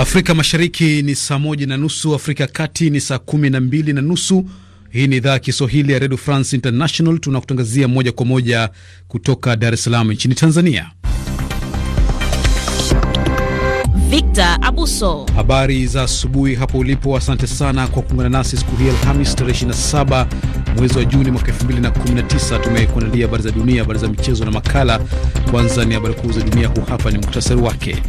Afrika Mashariki ni saa moja na nusu, Afrika Kati ni saa kumi na mbili na nusu. Hii ni idhaa ya Kiswahili ya Redio France International, tunakutangazia moja kwa moja kutoka Dar es Salaam nchini Tanzania. Victor Abuso, habari za asubuhi hapo ulipo. Asante sana kwa kuungana nasi siku hii Alhamis, tarehe 27 mwezi wa Juni mwaka 2019. Tumekuandalia habari za dunia, habari za michezo na makala. Kwanza ni habari kuu za dunia, huu hapa ni muktasari wake.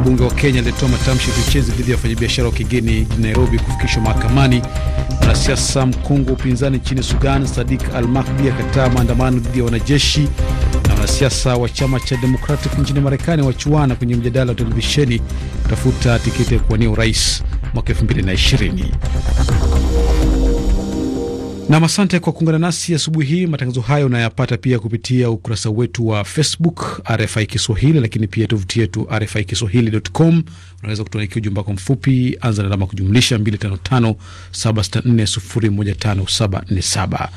Mbunge wa Kenya alitoa matamshi vichezi dhidi ya wafanyabiashara wa kigeni Nairobi kufikishwa mahakamani. Mwanasiasa mkongwe wa upinzani nchini Sudan, Sadik Al Mahdi, akataa maandamano dhidi ya wanajeshi. Na wanasiasa wa chama cha Democratic nchini Marekani wachuana kwenye mjadala wa televisheni kutafuta tiketi ya kuwania urais mwaka 2020. Nam, asante kwa kuungana nasi asubuhi hii. Matangazo hayo unayapata pia kupitia ukurasa wetu wa Facebook RFI Kiswahili, lakini pia tovuti yetu RFI Kiswahili.com. Unaweza kutuandikia ujumbe wako mfupi, anza na alama kujumlisha 255764015747.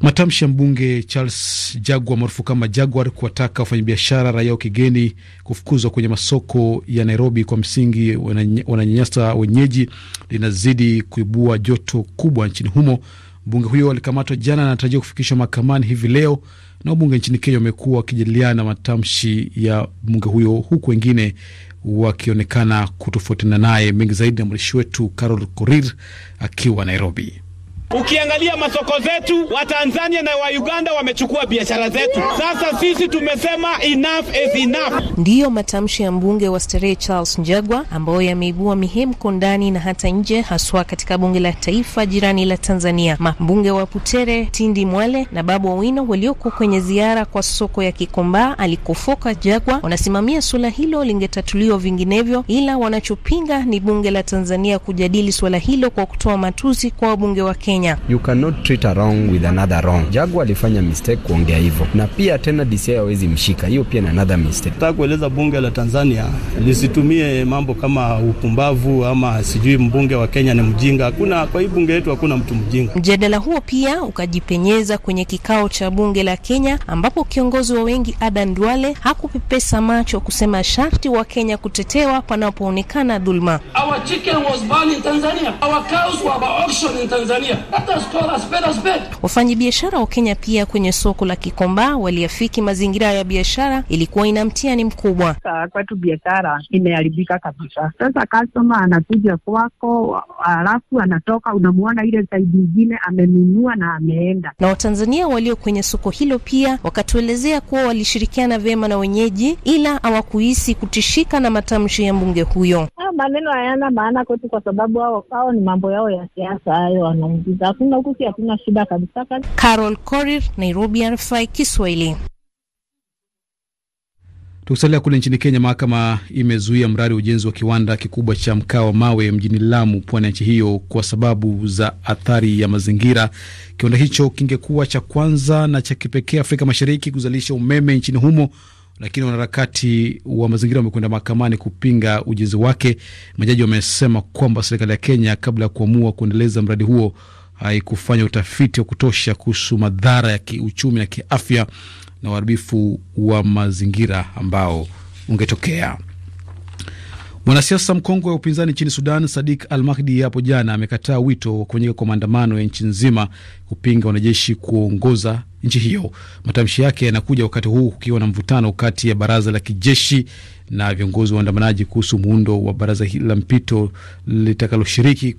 Matamshi ya mbunge Charles Jagua maarufu kama Jaguar kuwataka wafanyabiashara raia wa kigeni kufukuzwa kwenye masoko ya Nairobi kwa msingi wananyanyasa wenyeji linazidi kuibua joto kubwa nchini humo Mbunge huyo alikamatwa jana na anatarajiwa kufikishwa mahakamani hivi leo, na wabunge nchini Kenya wamekuwa wakijadiliana na matamshi ya mbunge huyo, huku wengine wakionekana kutofautiana naye. Mengi zaidi na mwandishi wetu Carol Korir akiwa Nairobi. Ukiangalia masoko zetu wa Tanzania na wa Uganda wamechukua biashara zetu. Sasa sisi tumesema enough is enough. Ndiyo matamshi ya mbunge wa Starehe Charles Njagwa ambayo yameibua mihemko ndani na hata nje, haswa katika bunge la taifa jirani la Tanzania. mbunge wa Putere, Tindi Mwale na Babu Owino walioko kwenye ziara kwa soko ya Kikomba alikofoka Jagwa wanasimamia suala hilo lingetatuliwa vinginevyo, ila wanachopinga ni bunge la Tanzania kujadili suala hilo kwa kutoa matusi kwa wabunge wa Kenya. Kenya. You cannot treat a wrong with another wrong. Jagu alifanya mistake kuongea hivyo, na pia tena DCI hawezi mshika, hiyo pia ni another mistake. Nataka kueleza bunge la Tanzania lisitumie mambo kama upumbavu ama sijui mbunge wa Kenya ni mjinga. Hakuna, kwa hii bunge yetu hakuna mtu mjinga. Mjadala huo pia ukajipenyeza kwenye kikao cha bunge la Kenya ambapo kiongozi wa wengi Adan Duale hakupepesa macho kusema sharti wa Kenya kutetewa panapoonekana dhulma. Our chicken was burned in Tanzania. Our cows were auctioned in Tanzania. Wafanyabiashara wa Kenya pia kwenye soko la Kikomba waliafiki mazingira ya biashara ilikuwa ina mtihani mkubwa. Kwetu biashara imeharibika kabisa. Sasa kastoma anakuja kwako, alafu anatoka, unamwona ile saidi ingine amenunua na ameenda. Na Watanzania walio kwenye soko hilo pia wakatuelezea kuwa walishirikiana vyema na wenyeji, ila hawakuhisi kutishika na matamshi ya mbunge huyo. Ha, ah, maneno hayana maana kwetu kwa sababu hao ni mambo yao ya siasa hayo wanaingiza kabisa, hakuna huku, hakuna shida kabisa. Carol Korir, Nairobi, RFI Kiswahili. Tukisalia kule nchini Kenya, mahakama imezuia mradi wa ujenzi wa kiwanda kikubwa cha mkaa wa mawe mjini Lamu, pwani ya nchi hiyo, kwa sababu za athari ya mazingira. Kiwanda hicho kingekuwa cha kwanza na cha kipekee Afrika Mashariki kuzalisha umeme nchini humo, lakini wanaharakati wa mazingira wamekwenda mahakamani kupinga ujenzi wake. Majaji wamesema kwamba serikali ya Kenya, kabla ya kuamua kuendeleza mradi huo, haikufanya utafiti wa kutosha kuhusu madhara ya kiuchumi na kiafya na uharibifu wa mazingira ambao ungetokea. Mwanasiasa mkongwe wa upinzani nchini Sudan, Sadik Al Mahdi, hapo jana amekataa wito wa kufanyika kwa maandamano ya nchi nzima kupinga wanajeshi kuongoza nchi hiyo. Matamshi yake yanakuja wakati huu kukiwa na mvutano kati ya baraza la kijeshi na viongozi wa waandamanaji kuhusu muundo wa baraza la mpito litakaloshiriki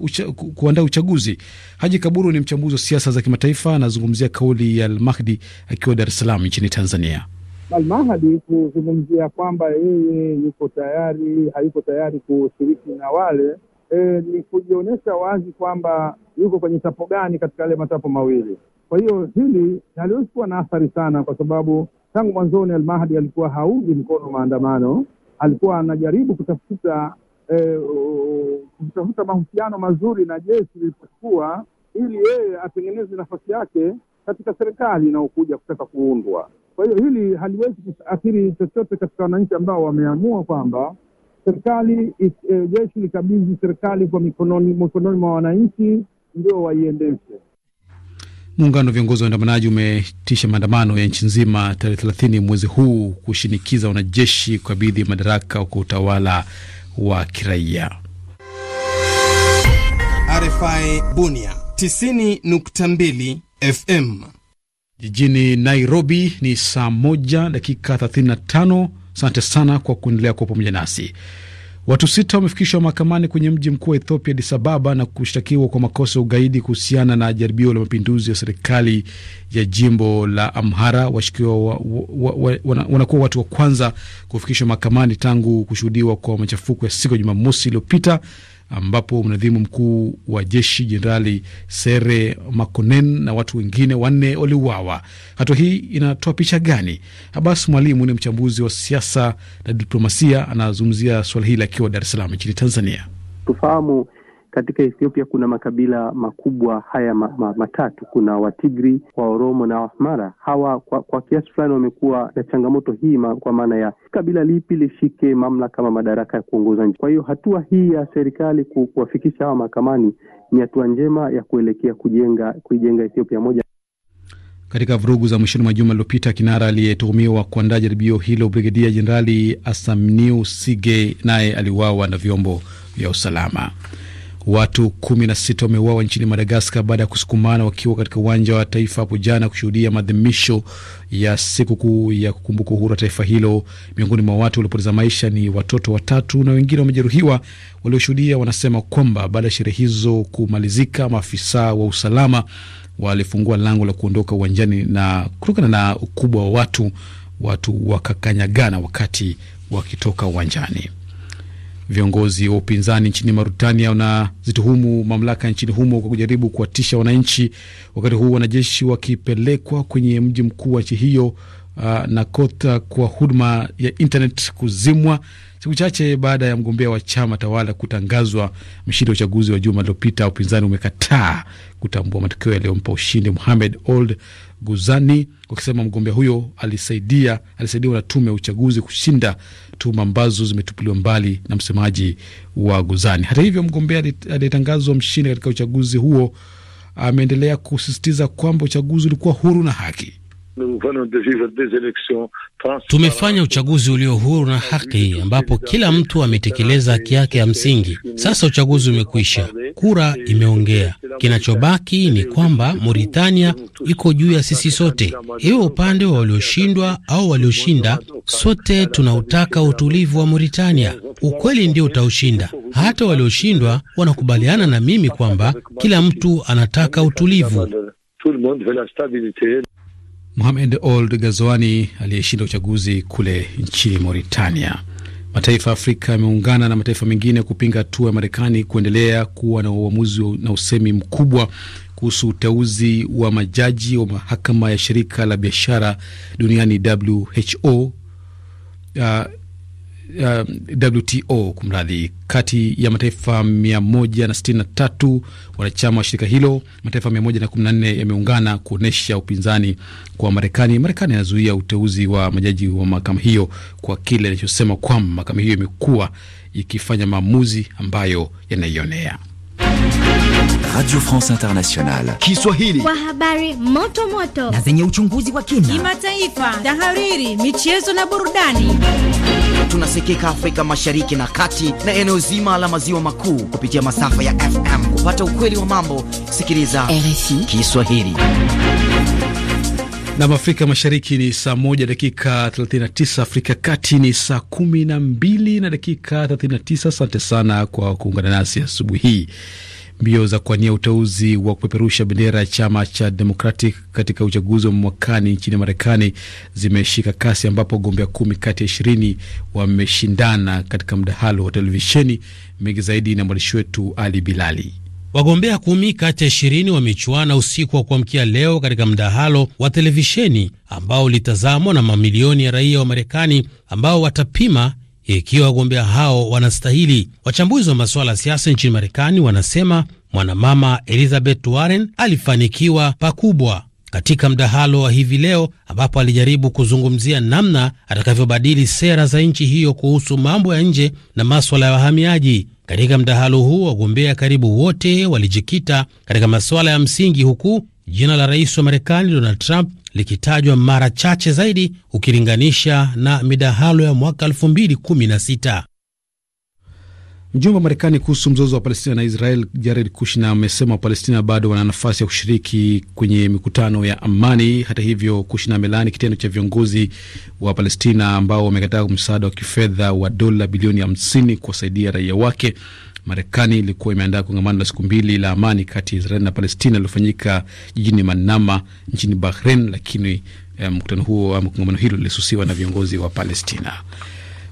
ucha, kuandaa uchaguzi. Haji Kaburu ni mchambuzi wa siasa za kimataifa, anazungumzia kauli ya Al Mahdi akiwa Dar es Salaam nchini Tanzania almahadi kuzungumzia kwamba yeye yuko tayari, hayuko tayari kushiriki na wale e, ni kujionyesha wazi kwamba yuko kwenye tapo gani katika yale matapo mawili. Kwa hiyo hili haliwezi kuwa na athari sana, kwa sababu tangu mwanzoni almahadi alikuwa haungi mkono maandamano, alikuwa anajaribu kutafuta e, kutafuta mahusiano mazuri na jeshi lilipokuwa, ili yeye atengeneze nafasi yake katika serikali inayokuja kutaka kuundwa. Kwa hiyo hili haliwezi kuathiri chochote katika wananchi ambao wameamua kwamba serikali e, jeshi likabidhi serikali kwa mikononi mikononi mwa wananchi ndio waiendeshe. Muungano wa viongozi wa waandamanaji umetisha maandamano ya nchi nzima tarehe thelathini mwezi huu kushinikiza wanajeshi kukabidhi madaraka kwa utawala wa kiraia. RFI Bunia 90.2 FM jijini Nairobi ni saa moja dakika 35. Asante sana kwa kuendelea kuwa pamoja nasi. Watu sita wamefikishwa mahakamani kwenye mji mkuu wa Ethiopia, Addis Ababa, na kushtakiwa kwa makosa ya ugaidi kuhusiana na jaribio la mapinduzi ya serikali ya jimbo la Amhara. wa, wa, wa, wa, wana, wanakuwa watu wa kwanza kufikishwa mahakamani tangu kushuhudiwa kwa machafuko ya siku ya Jumamosi iliyopita ambapo mnadhimu mkuu wa jeshi Jenerali Sere Makonen na watu wengine wanne waliuawa. Hatua hii inatoa picha gani? Abbas Mwalimu ni mchambuzi wa siasa na diplomasia, anazungumzia suala hili akiwa Dar es Salaam nchini Tanzania. Tufahamu katika Ethiopia kuna makabila makubwa haya ma, ma, matatu. Kuna Watigri, Waoromo na Waamhara. Hawa kwa, kwa kiasi fulani wamekuwa na changamoto hii ma, kwa maana ya kabila lipi lishike mamlaka ama madaraka ya kuongoza nchi. Kwa hiyo hatua hii ya serikali kuwafikisha hawa mahakamani ni hatua njema ya kuelekea kujenga kuijenga Ethiopia moja katika vurugu za mwishoni mwa juma lililopita, kinara aliyetuhumiwa kuandaa jaribio hilo Brigedia Jenerali Asamniu Sige naye aliuawa na vyombo vya usalama. Watu 16 wameuawa nchini Madagaskar baada ya kusukumana wakiwa katika uwanja wa taifa hapo jana kushuhudia maadhimisho ya sikukuu ya kukumbuka uhuru wa taifa hilo. Miongoni mwa watu waliopoteza maisha ni watoto watatu na wengine wamejeruhiwa. Walioshuhudia wanasema kwamba baada ya sherehe hizo kumalizika, maafisa wa usalama walifungua lango la kuondoka uwanjani, na kutokana na ukubwa wa watu, watu wakakanyagana wakati wakitoka uwanjani. Viongozi wa upinzani nchini Mauritania wanazituhumu mamlaka nchini humo kwa kujaribu kuwatisha wananchi, wakati huu wanajeshi wakipelekwa kwenye mji mkuu wa nchi hiyo Uh, na kota kwa huduma ya internet kuzimwa siku chache baada ya mgombea wa chama tawala kutangazwa mshindi wa uchaguzi wa juma lililopita. Upinzani umekataa kutambua matokeo yaliyompa ushindi Muhamed Old Guzani, wakisema mgombea huyo alisaidia alisaidiwa na tume ya uchaguzi kushinda tuhuma ambazo zimetupiliwa mbali na msemaji wa Guzani. Hata hivyo, mgombea aliyetangazwa mshindi katika uchaguzi huo ameendelea kusisitiza kwamba uchaguzi ulikuwa huru na haki. Tumefanya uchaguzi ulio huru na haki, ambapo kila mtu ametekeleza haki yake ya msingi. Sasa uchaguzi umekwisha, kura imeongea. Kinachobaki ni kwamba Mauritania iko juu ya sisi sote, iwe upande wa walioshindwa au walioshinda. Sote tunautaka utulivu wa Mauritania. Ukweli ndio utaushinda. Hata walioshindwa wanakubaliana na mimi kwamba kila mtu anataka utulivu. Mohamed Ould Ghazouani aliyeshinda uchaguzi kule nchini Mauritania. Mataifa ya Afrika yameungana na mataifa mengine kupinga hatua ya Marekani kuendelea kuwa na uamuzi na usemi mkubwa kuhusu uteuzi wa majaji wa mahakama ya shirika la biashara duniani WHO. Uh, ah, uh, WTO kumradhi, kati ya mataifa 163 wanachama wa shirika hilo, mataifa 114 yameungana kuonyesha upinzani kwa Marekani. Marekani anazuia uteuzi wa majaji wa mahakama hiyo kwa kile anachosema kwamba mahakama hiyo imekuwa ikifanya maamuzi ambayo yanaionea Radio France Internationale Kiswahili kwa habari moto moto na zenye uchunguzi wa kina, kimataifa, tahariri, michezo na burudani. Tunasikika Afrika Mashariki na Kati na eneo zima la maziwa makuu kupitia masafa ya FM. Kupata ukweli wa mambo, sikiliza RFI Kiswahili. Nam Afrika Mashariki ni saa moja dakika 39, Afrika Kati ni saa kumi na mbili na dakika 39. Asante sana kwa kuungana nasi asubuhi hii. Mbio za kuwania uteuzi wa kupeperusha bendera ya chama cha Democratic katika uchaguzi wa mwakani nchini Marekani zimeshika kasi ambapo wagombea kumi kati ya ishirini wameshindana katika mdahalo wa televisheni. Mengi zaidi na mwandishi wetu Ali Bilali. Wagombea kumi kati ya ishirini wamechuana usiku wa kuamkia leo katika mdahalo wa televisheni ambao ulitazamwa na mamilioni ya raia wa Marekani ambao watapima ikiwa wagombea hao wanastahili. Wachambuzi wa masuala ya siasa nchini Marekani wanasema mwanamama Elizabeth Warren alifanikiwa pakubwa katika mdahalo wa hivi leo ambapo alijaribu kuzungumzia namna atakavyobadili sera za nchi hiyo kuhusu mambo ya nje na maswala ya wahamiaji. Katika mdahalo huo, wagombea karibu wote walijikita katika masuala ya msingi, huku jina la rais wa Marekani Donald Trump likitajwa mara chache zaidi ukilinganisha na midahalo ya mwaka 2016. Mjumbe wa Marekani kuhusu mzozo wa Palestina na Israel Jared Kushner amesema Wapalestina bado wana nafasi ya kushiriki kwenye mikutano ya amani. Hata hivyo, Kushner amelaani kitendo cha viongozi wa Palestina ambao wamekataa msaada wa kifedha wa dola bilioni 50 kuwasaidia raia wake. Marekani ilikuwa imeandaa kongamano la siku mbili la amani kati ya israel na Palestina lilofanyika jijini Manama nchini Bahrain, lakini eh, mkutano um, huo ama um, kongamano hilo lilisusiwa na viongozi wa Palestina.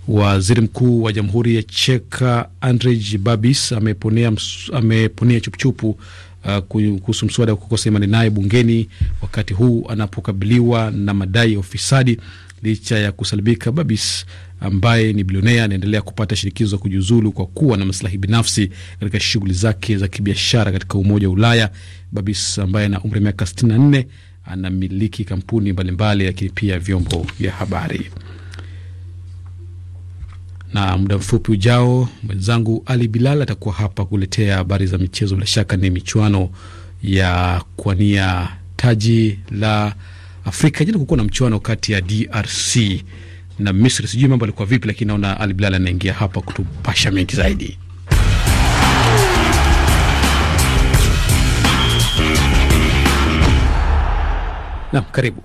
Waziri mkuu wa jamhuri ya Cheka Andrej Babis ameponea, ameponea chupuchupu uh, kuhusu mswada wa kukosa imani naye bungeni wakati huu anapokabiliwa na madai ya ufisadi licha ya kusalibika. Babis ambaye ni bilionea anaendelea kupata shinikizo la kujiuzulu kwa kuwa na masilahi binafsi katika shughuli zake za kibiashara katika Umoja wa Ulaya. Babis ambaye ana umri wa miaka 64 anamiliki kampuni mbalimbali, lakini pia vyombo vya habari. Na muda mfupi ujao, mwenzangu Ali Bilal atakuwa hapa kuletea habari za michezo. Bila shaka ni michuano ya kuania taji la Afrika. Jana kukuwa na mchuano kati ya DRC na Misri, sijui mambo alikuwa vipi, lakini naona Ali Bilal anaingia hapa kutupasha mengi zaidi. Nam, karibu.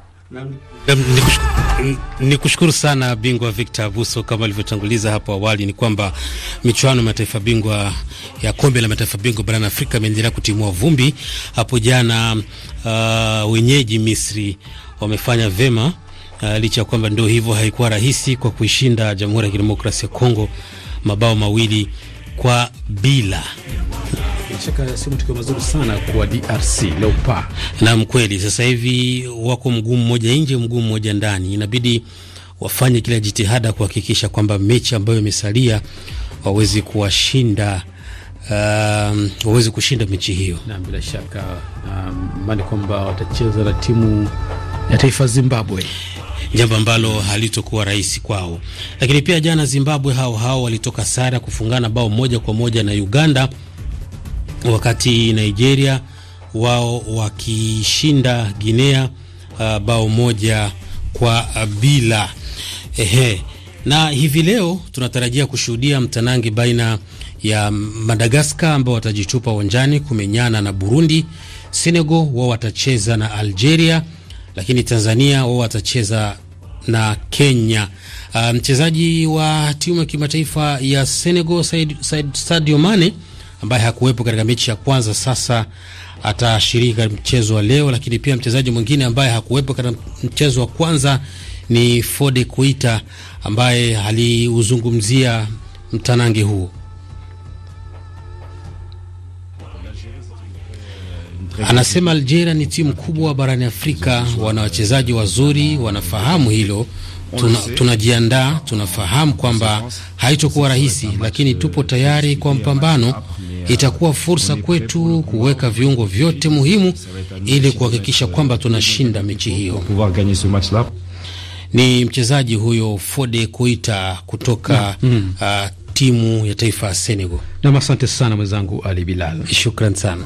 Ni kushukuru sana bingwa Victor Abuso. Kama alivyotanguliza hapo awali, ni kwamba michuano ya mataifa bingwa ya kombe la mataifa bingwa barani Afrika imeendelea kutimua vumbi. Hapo jana uh, wenyeji Misri wamefanya vema uh, licha ya kwamba ndio hivyo, haikuwa rahisi kwa kuishinda Jamhuri ya Kidemokrasia ya Kongo mabao mawili kwa bila mazuri sana kwa DRC kweli sasa hivi wako mguu mmoja nje, mguu mmoja ndani, inabidi wafanye kila jitihada kuhakikisha kwamba mechi ambayo imesalia wawezi kuwashinda um, wawezi kushinda mechi hiyo, na bila shaka um, maana kwamba watacheza na timu ya taifa Zimbabwe, jambo ambalo halitokuwa rahisi kwao. Lakini pia jana Zimbabwe hao hao walitoka sare kufungana bao moja kwa moja na Uganda, wakati Nigeria wao wakishinda Guinea uh, bao moja kwa bila. Ehe, na hivi leo tunatarajia kushuhudia mtanangi baina ya Madagaskar ambao watajitupa uwanjani kumenyana na Burundi. Senegal wao watacheza na Algeria lakini Tanzania wao watacheza na Kenya. Uh, mchezaji wa timu ya kimataifa ya Senegal Said, Said, Sadio Mane ambaye hakuwepo katika mechi ya kwanza, sasa atashiriki katika mchezo wa leo. Lakini pia mchezaji mwingine ambaye hakuwepo katika mchezo wa kwanza ni Fode Kuita ambaye aliuzungumzia mtanange huo. Anasema Algeria ni timu kubwa barani Afrika, wana wachezaji wazuri, wanafahamu hilo. Tunajiandaa, tuna tunafahamu kwamba haitokuwa rahisi, lakini tupo tayari kwa mpambano. Itakuwa fursa kwetu kuweka viungo vyote muhimu ili kuhakikisha kwamba tunashinda mechi hiyo. Ni mchezaji huyo Fode Koita kutoka mm. uh, timu ya taifa ya Senegal. Nam, asante sana mwenzangu Ali Bilal, shukran sana.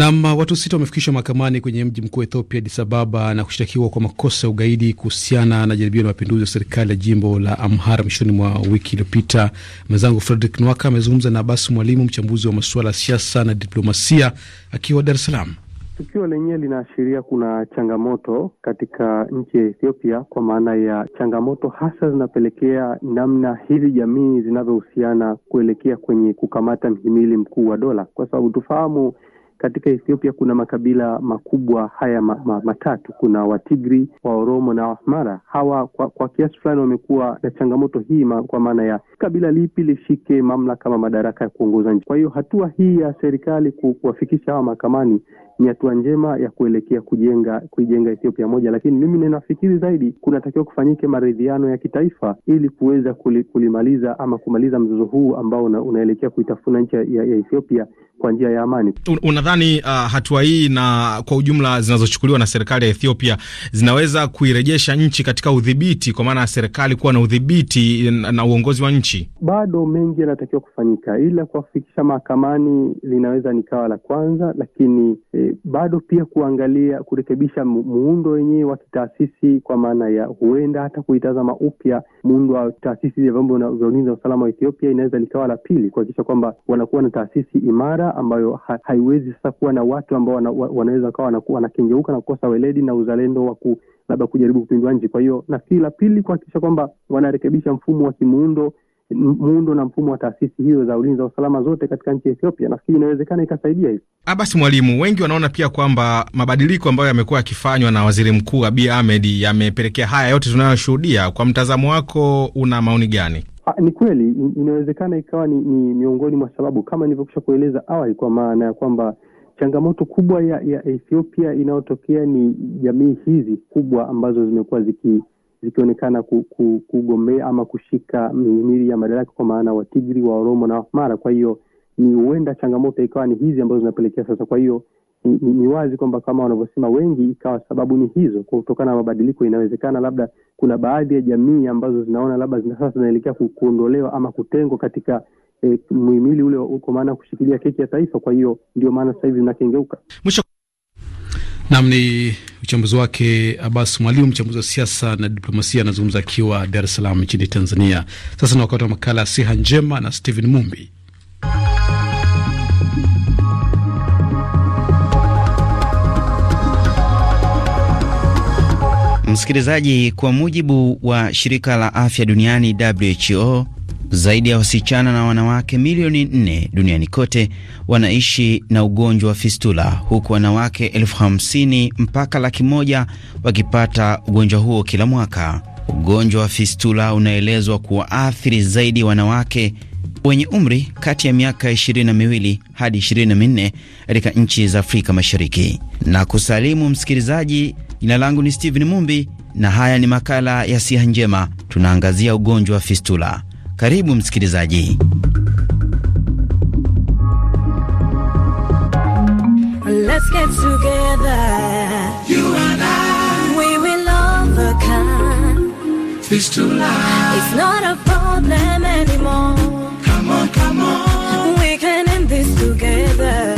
Nam, watu sita wamefikishwa mahakamani kwenye mji mkuu wa Ethiopia, Addis Ababa, na kushtakiwa kwa makosa ya ugaidi kuhusiana na jaribio la mapinduzi ya serikali ya jimbo la Amhara mwishoni mwa wiki iliyopita. Mwenzangu Fredrick Nwaka amezungumza na Abasi Mwalimu, mchambuzi wa masuala ya siasa na diplomasia, akiwa Dar es Salaam. Tukio lenyewe linaashiria kuna changamoto katika nchi ya Ethiopia, kwa maana ya changamoto hasa zinapelekea namna hizi jamii zinavyohusiana kuelekea kwenye kukamata mhimili mkuu wa dola, kwa sababu tufahamu katika Ethiopia kuna makabila makubwa haya ma, ma, matatu. Kuna Watigri, Waoromo na Waamhara. Hawa kwa, kwa kiasi fulani wamekuwa na changamoto hii ma, kwa maana ya kabila lipi lishike mamlaka ama madaraka ya kuongoza nchi. Kwa hiyo hatua hii ya serikali kuwafikisha hawa mahakamani ni hatua njema ya kuelekea kujenga kuijenga Ethiopia moja, lakini mimi ninafikiri zaidi kunatakiwa kufanyike maridhiano ya kitaifa ili kuweza kulimaliza ama kumaliza mzozo huu ambao una, unaelekea kuitafuna nchi ya, ya Ethiopia kwa njia ya amani. Unadhani uh, hatua hii na kwa ujumla zinazochukuliwa na serikali ya Ethiopia zinaweza kuirejesha nchi katika udhibiti, kwa maana ya serikali kuwa na udhibiti na uongozi wa nchi? Bado mengi yanatakiwa kufanyika, ila kuwafikisha mahakamani linaweza nikawa la kwanza, lakini eh, bado pia kuangalia kurekebisha muundo wenyewe wa kitaasisi, kwa maana ya huenda hata kuitazama upya muundo wa taasisi ya vyombo vya ulinzi na usalama wa Ethiopia, inaweza likawa la pili, kuhakikisha kwamba wanakuwa na taasisi imara ambayo ha, haiwezi sasa kuwa na watu ambao wana, wanaweza wakawa wanakengeuka na kukosa weledi na uzalendo wa labda kujaribu kupindua nchi. Kwa hiyo nafikiri la pili, kuhakikisha kwamba wanarekebisha mfumo wa kimuundo muundo na mfumo wa taasisi hiyo za ulinzi wa usalama zote katika nchi ya Ethiopia. Nafikiri inawezekana ikasaidia hivi. Ah, basi mwalimu, wengi wanaona pia kwamba mabadiliko ambayo yamekuwa yakifanywa na waziri mkuu Abiy Ahmed yamepelekea haya yote tunayoshuhudia. Kwa mtazamo wako, una maoni gani? Ha, ah, ni kweli inawezekana ikawa ni, ni miongoni mwa sababu kama nilivyokwisha kueleza awali, kwa maana ya kwamba changamoto kubwa ya, ya Ethiopia inayotokea ni jamii hizi kubwa ambazo zimekuwa ziki zikionekana kugombea ama kushika mihimili ya madaraka kwa maana watigri wa oromo na Wamara. kwa hiyo ni huenda changamoto ikawa ni hizi ambazo zinapelekea sasa kwa hiyo ni, ni, ni wazi kwamba kama wanavyosema wengi ikawa sababu ni hizo kutokana na mabadiliko inawezekana labda kuna baadhi ya jamii ambazo zinaona labda sasa zinaelekea kuondolewa ama kutengwa katika eh, muhimili ule kwa maana kushikilia keki ya taifa kwa hiyo ndio maana sasa hivi zinakengeuka mwisho Nam ni uchambuzi wake Abbas Mwalimu, mchambuzi wa siasa na diplomasia, anazungumza akiwa Dar es Salaam nchini Tanzania. Sasa ni wakati wa makala ya Siha Njema na Stephen Mumbi. Msikilizaji, kwa mujibu wa shirika la afya duniani WHO, zaidi ya wasichana na wanawake milioni nne duniani kote wanaishi na ugonjwa wa fistula, huku wanawake elfu hamsini mpaka laki moja wakipata ugonjwa huo kila mwaka. Ugonjwa wa fistula unaelezwa kuwaathiri zaidi wanawake wenye umri kati ya miaka ishirini na miwili hadi ishirini na minne katika nchi za Afrika Mashariki. Na kusalimu msikilizaji, jina langu ni Steven Mumbi na haya ni makala ya Siha Njema, tunaangazia ugonjwa wa fistula. Karibu Let's get together. You and I. We will overcome. It's too late. It's not a problem anymore. Come on, come on. We can end this together.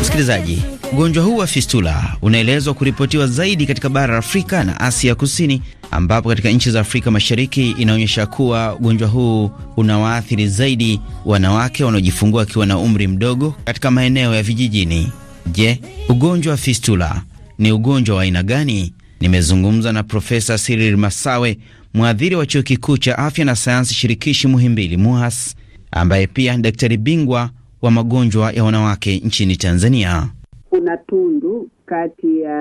Msikilizaji Ugonjwa huu wa fistula unaelezwa kuripotiwa zaidi katika bara la Afrika na Asia ya Kusini, ambapo katika nchi za Afrika Mashariki inaonyesha kuwa ugonjwa huu unawaathiri zaidi wanawake wanaojifungua wakiwa na umri mdogo katika maeneo ya vijijini. Je, ugonjwa wa fistula ni ugonjwa wa aina gani? Nimezungumza na Profesa siril Masawe, mwadhiri wa chuo kikuu cha afya na sayansi shirikishi Muhimbili MUHAS, ambaye pia daktari bingwa wa magonjwa ya wanawake nchini Tanzania kuna tundu kati ya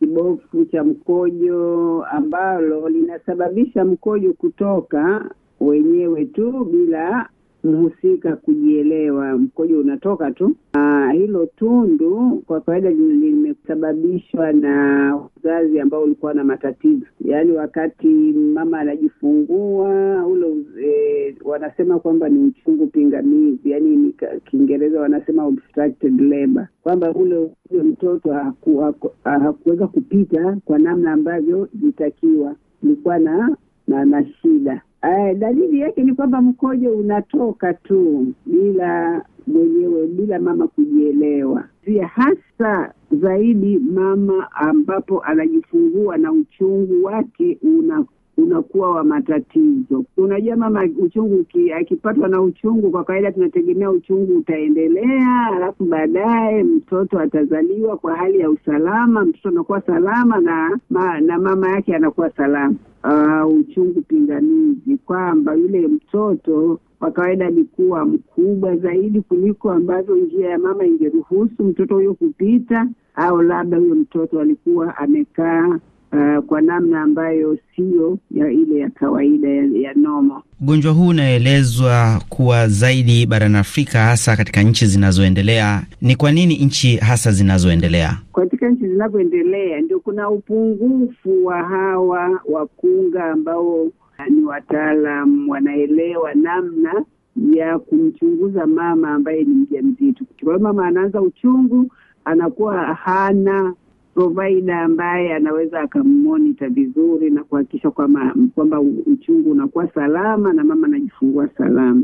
kibofu cha mkojo ambalo linasababisha mkojo kutoka wenyewe tu bila mhusika kujielewa, mkojo unatoka tu. Aa, ah, hilo tundu kwa kawaida limesababishwa na uzazi ambao ulikuwa na matatizo, yaani wakati mama anajifungua ule e, wanasema kwamba ni uchungu pingamizi, yaani Kiingereza wanasema obstructed labor, kwamba ule huyo mtoto haku, haku, hakuweza kupita kwa namna ambavyo ilitakiwa, ilikuwa na na, na shida Uh, dalili yake ni kwamba mkojo unatoka tu bila mwenyewe, bila mama kujielewa, pia hasa zaidi mama ambapo anajifungua na uchungu wake una unakuwa wa matatizo. Unajua, mama uchungu akipatwa na uchungu, kwa kawaida tunategemea uchungu utaendelea, alafu baadaye mtoto atazaliwa kwa hali ya usalama, mtoto anakuwa salama na ma, na mama yake anakuwa salama uh, uchungu pinganizi kwamba yule mtoto kwa kawaida alikuwa mkubwa zaidi kuliko ambavyo njia ya mama ingeruhusu mtoto huyo kupita, au labda huyo mtoto alikuwa amekaa uh, kwa namna ambayo siyo ya ile ya kawaida ya, ya nomo. Ugonjwa huu unaelezwa kuwa zaidi barani Afrika, hasa katika nchi zinazoendelea. Ni kwa nini nchi hasa zinazoendelea? Katika nchi zinavyoendelea ndio kuna upungufu wa hawa wakunga ambao uh, ni wataalam wanaelewa namna ya kumchunguza mama ambaye ni mjamzito, kwa sababu mama anaanza uchungu, anakuwa hana provider ambaye anaweza akammonita vizuri na kuhakikisha kwamba kwamba uchungu unakuwa salama na mama anajifungua salama.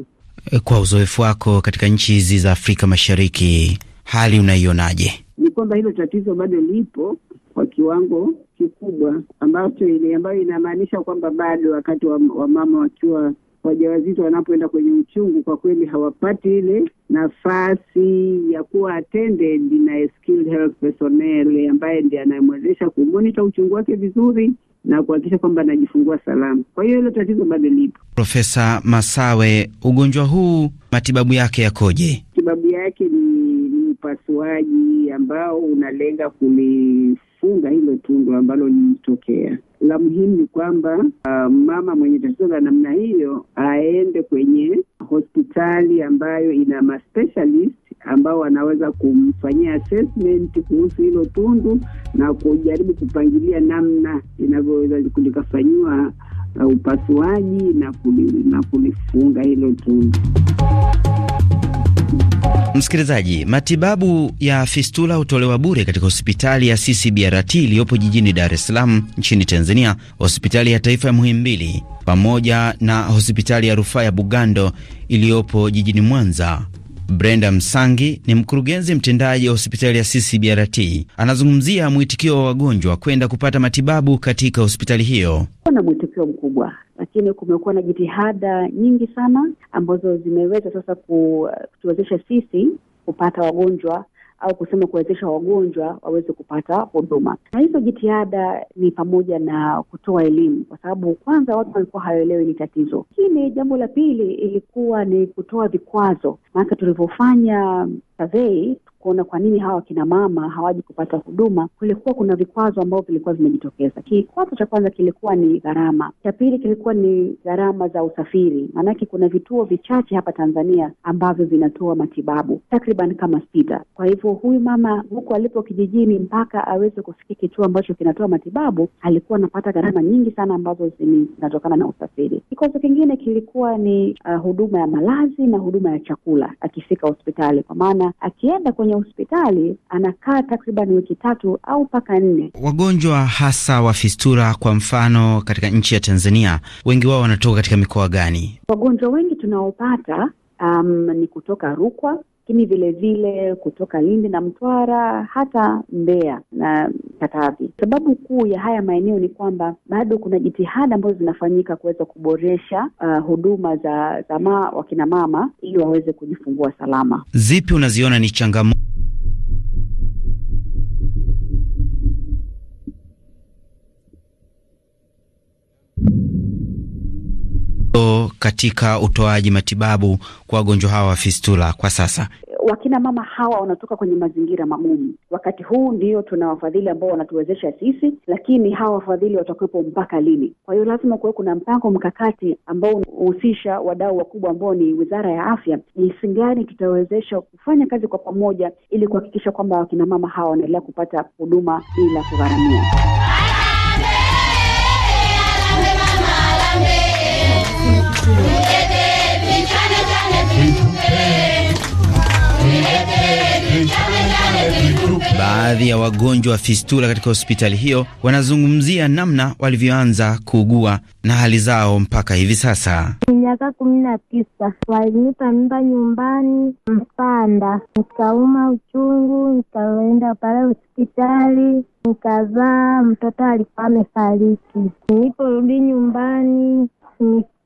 Eh, kwa uzoefu wako katika nchi hizi za Afrika Mashariki, hali unaionaje? Ni kwamba hilo tatizo bado lipo kwa kiwango kikubwa, ambacho ambayo inamaanisha kwamba bado wakati wa, wa mama wakiwa wajawazito wanapoenda kwenye uchungu, kwa kweli hawapati ile nafasi ya kuwa attended na skilled health personnel ambaye ndiye anayemwezesha kumonita uchungu wake vizuri na kuhakikisha kwamba anajifungua salama. Kwa hiyo hilo tatizo bado lipo. Profesa Masawe, ugonjwa huu matibabu yake yakoje? Matibabu yake ni, ni upasuaji ambao unalenga kuli kufunga hilo tundu ambalo lilitokea La muhimu ni kwamba uh, mama mwenye tatizo la namna hiyo aende kwenye hospitali ambayo ina maspecialist ambao wanaweza kumfanyia assessment kuhusu hilo tundu na kujaribu kupangilia namna inavyoweza likafanyiwa uh, upasuaji na kulifunga hilo tundu. Msikilizaji, matibabu ya fistula hutolewa bure katika hospitali ya CCBRT iliyopo jijini Dar es Salaam nchini Tanzania, hospitali ya taifa ya Muhimbili pamoja na hospitali ya rufaa ya Bugando iliyopo jijini Mwanza. Brenda Msangi ni mkurugenzi mtendaji wa hospitali ya CCBRT. Anazungumzia mwitikio wa wagonjwa kwenda kupata matibabu katika hospitali hiyo. Kuna mwitikio mkubwa, lakini kumekuwa na jitihada nyingi sana ambazo zimeweza sasa kutuwezesha sisi kupata wagonjwa au kusema kuwezesha wagonjwa waweze kupata huduma. Na hizo jitihada ni pamoja na kutoa elimu, kwa sababu kwanza watu walikuwa hawaelewi ni tatizo. Lakini jambo la pili ilikuwa ni kutoa vikwazo, maanake tulivyofanya survey kuona kwa nini hawa wakina mama hawaji kupata huduma, kulikuwa kuna vikwazo ambavyo vilikuwa vimejitokeza. Kikwazo cha kwanza kilikuwa ni gharama, cha pili kilikuwa ni gharama za usafiri, maanake kuna vituo vichache hapa Tanzania ambavyo vinatoa matibabu takriban kama sita. Kwa hivyo huyu mama huku alipo kijijini, mpaka aweze kufikia kituo ambacho kinatoa matibabu, alikuwa anapata gharama nyingi sana ambazo zinatokana na usafiri. Kikwazo kingine kilikuwa ni uh, huduma ya malazi na huduma ya chakula akifika hospitali, kwa maana akienda kwenye kwenye hospitali anakaa takriban wiki tatu au mpaka nne. Wagonjwa hasa wa fistura, kwa mfano, katika nchi ya Tanzania, wengi wao wanatoka katika mikoa gani? Wagonjwa wengi tunaopata um, ni kutoka Rukwa, lakini vile kutoka Lindi na Mtwara hata Mbeya na Katavi. Sababu kuu ya haya maeneo ni kwamba bado kuna jitihada ambazo zinafanyika kuweza kuboresha uh, huduma za, za ma, wakina mama ili waweze kujifungua salama. Zipi unaziona ni changamoto? katika utoaji matibabu kwa wagonjwa hawa wa fistula kwa sasa? Wakina mama hawa wanatoka kwenye mazingira magumu. Wakati huu ndio tuna wafadhili ambao wanatuwezesha sisi, lakini hawa wafadhili watakuwepo mpaka lini? Kwa hiyo lazima kuwe kuna mpango mkakati ambao unahusisha wadau wakubwa ambao ni Wizara ya Afya, jinsi gani tutawezesha kufanya kazi kwa pamoja ili kuhakikisha kwamba wakina mama hawa wanaendelea kupata huduma bila kugharamia. Baadhi ya wagonjwa wa fistula katika hospitali hiyo wanazungumzia namna walivyoanza kuugua na hali zao mpaka hivi sasa. Miaka kumi na tisa walinipa mimba nyumbani Mpanda, nikauma uchungu, nikaenda pale hospitali nikazaa, mtoto alikuwa amefariki. Niliporudi nyumbani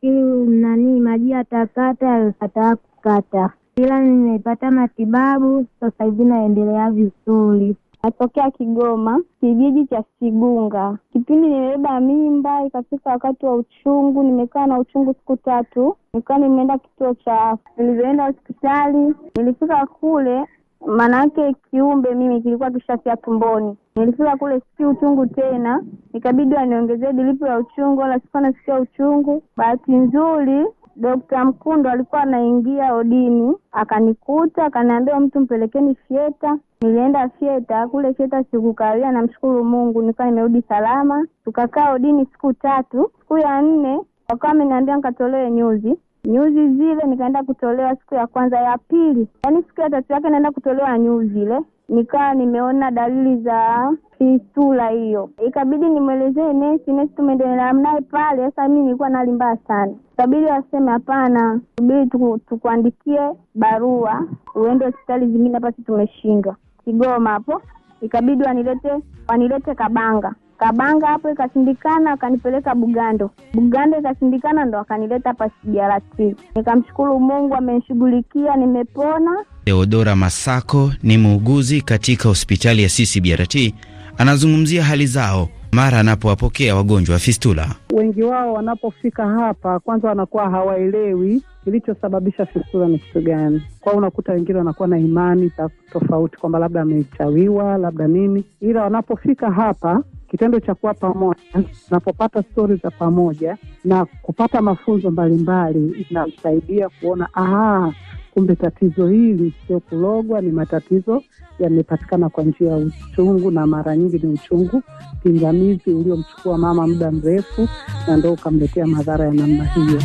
nafikiri nani maji atakata yakataa kukata, ila nimepata matibabu sasa hivi naendelea vizuri. Natokea Kigoma, kijiji cha Sigunga. Kipindi nimebeba mimba, ikafika wakati wa uchungu, nimekaa na uchungu siku tatu, nikawa nimeenda kituo cha afya. Nilivyoenda hospitali, nilifika kule maanake kiumbe mimi kilikuwa kishafia tumboni. Nilifika kule si uchungu tena, ikabidi aniongezee dilipu ya uchungu, wala sikuwa nasikia uchungu. Bahati nzuri Dokta Mkundo alikuwa anaingia odini, akanikuta akaniambia, mtu mpelekeni fyeta. Nilienda fyeta, kule fieta sikukawia, namshukuru Mungu nikawa nimerudi salama. Tukakaa odini siku tatu. Siku ya nne wakawa ameniambia nkatolewe nyuzi nyuzi zile nikaenda kutolewa siku ya kwanza, ya pili, yaani siku ya tatu yake naenda kutolewa nyuzi ile nikawa nimeona dalili za fistula hiyo, ikabidi nimwelezee nesi. Nesi tumeendelea naye pale. Sasa mi nilikuwa nali mbaya sana, ikabidi waseme hapana, subiri tukuandikie barua uende hospitali zingine, basi tumeshindwa Kigoma hapo, ikabidi wanilete wanilete Kabanga. Kabanga hapo ikashindikana, akanipeleka Bugando. Bugando ikashindikana, ndo akanileta hapa CBRT. Nikamshukuru Mungu, amenishughulikia nimepona. Theodora Masako ni muuguzi katika hospitali ya CCBRT, anazungumzia hali zao mara anapowapokea wagonjwa wa fistula. Wengi wao wanapofika hapa, kwanza wanakuwa hawaelewi kilichosababisha fistula ni kitu gani kwao. Unakuta wengine wanakuwa na imani tofauti kwamba labda amechawiwa labda nini, ila wanapofika hapa kitendo cha kuwa pamoja, tunapopata stori za pamoja na kupata mafunzo mbalimbali, inamsaidia kuona aha, kumbe tatizo hili sio kulogwa, ni matatizo yamepatikana kwa njia ya uchungu, na mara nyingi ni uchungu pingamizi uliomchukua mama muda mrefu, na ndo ukamletea madhara ya namna hiyo.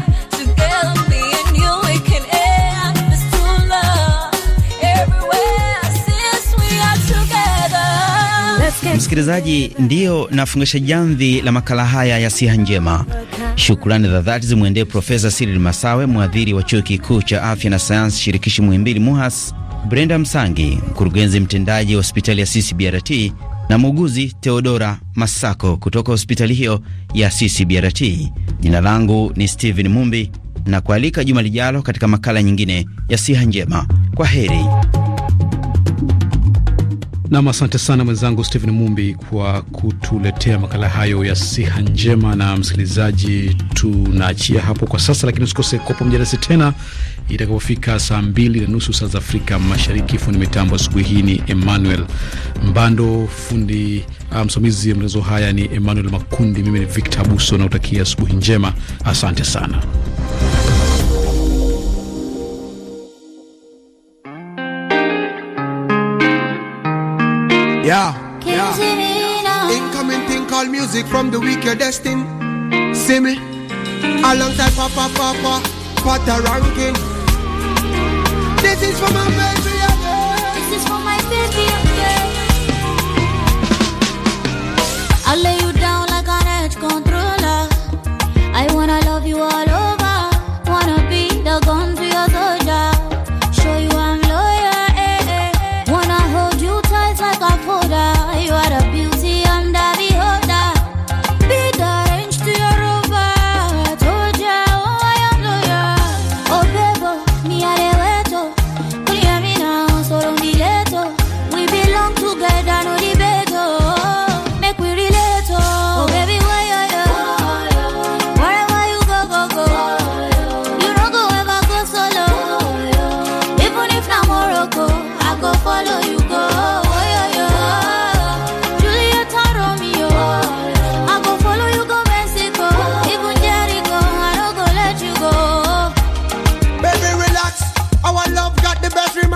Msikilizaji, ndiyo nafungisha jamvi la makala haya ya siha njema. Shukrani za dhati zimwendee Profesa siril Masawe, mwadhiri wa chuo kikuu cha afya na sayansi shirikishi Muhimbili MUHAS, Brenda Msangi, mkurugenzi mtendaji wa hospitali ya CCBRT na muuguzi Theodora Masako kutoka hospitali hiyo ya CCBRT. Jina langu ni Steven Mumbi na kualika juma lijalo katika makala nyingine ya siha njema. Kwa heri. Nam, asante sana mwenzangu Stephen Mumbi kwa kutuletea makala hayo ya siha njema. Na msikilizaji, tunaachia hapo kwa sasa, lakini usikose kopo mjarasi tena itakapofika saa mbili na nusu saa za Afrika Mashariki. Fundi mitambo asubuhi hii ni Emmanuel Mbando, fundi ah, msimamizi wa ya matangazo haya ni Emmanuel Makundi, mimi ni Victor Buso na utakia asubuhi njema. Asante sana. Yeah. yeah. Incoming thing called music from the week you're destined. See me? Alongside Papa Papa, Papa Ranking. This is for my baby.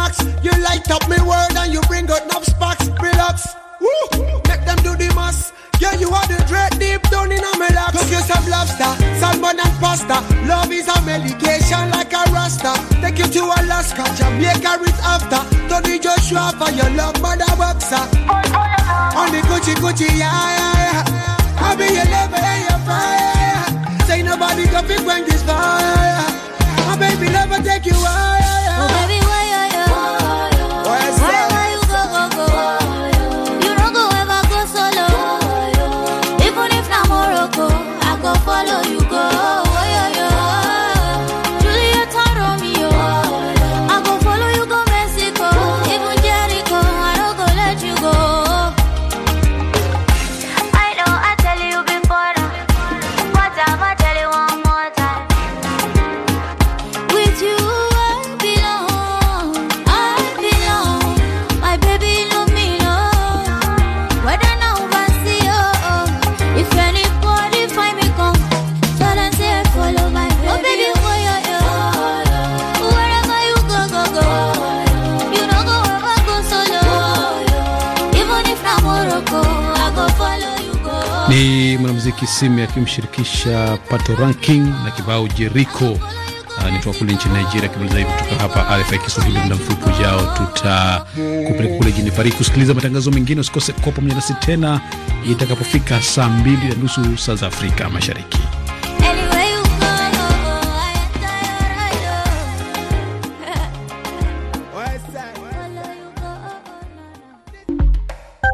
max. You light up me world and you bring out enough sparks. Relax. Woo. Make them do the mass. Yeah, you are the dread deep down in my lap. Cook yourself lobster, salmon and pasta. Love is a medication like a rasta. Take you to Alaska, Jamaica is after. Tony Joshua for your love, mother boxer. On the Gucci Gucci, yeah, yeah, yeah. I be your lover and your fire. Say nobody can pick when this fire. Simi akimshirikisha Pato Ranking na kibao Jeriko. Uh, ah, nitoka kule nchini Nigeria. Kimaliza hivi kutoka hapa RFI Kiswahili, muda mfupi ujao tutakupeleka kule jini Paris kusikiliza matangazo mengine. Usikose kopo nasi tena itakapofika saa mbili na nusu saa za Afrika Mashariki.